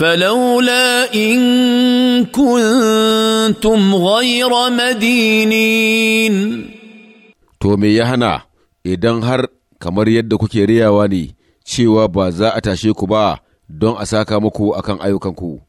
فلولا ان كنتم غير مدينين to me ya hana idan har kamar yadda kuke riyawa ne cewa ba za a tashe ku ba don a saka muku akan ayyukanku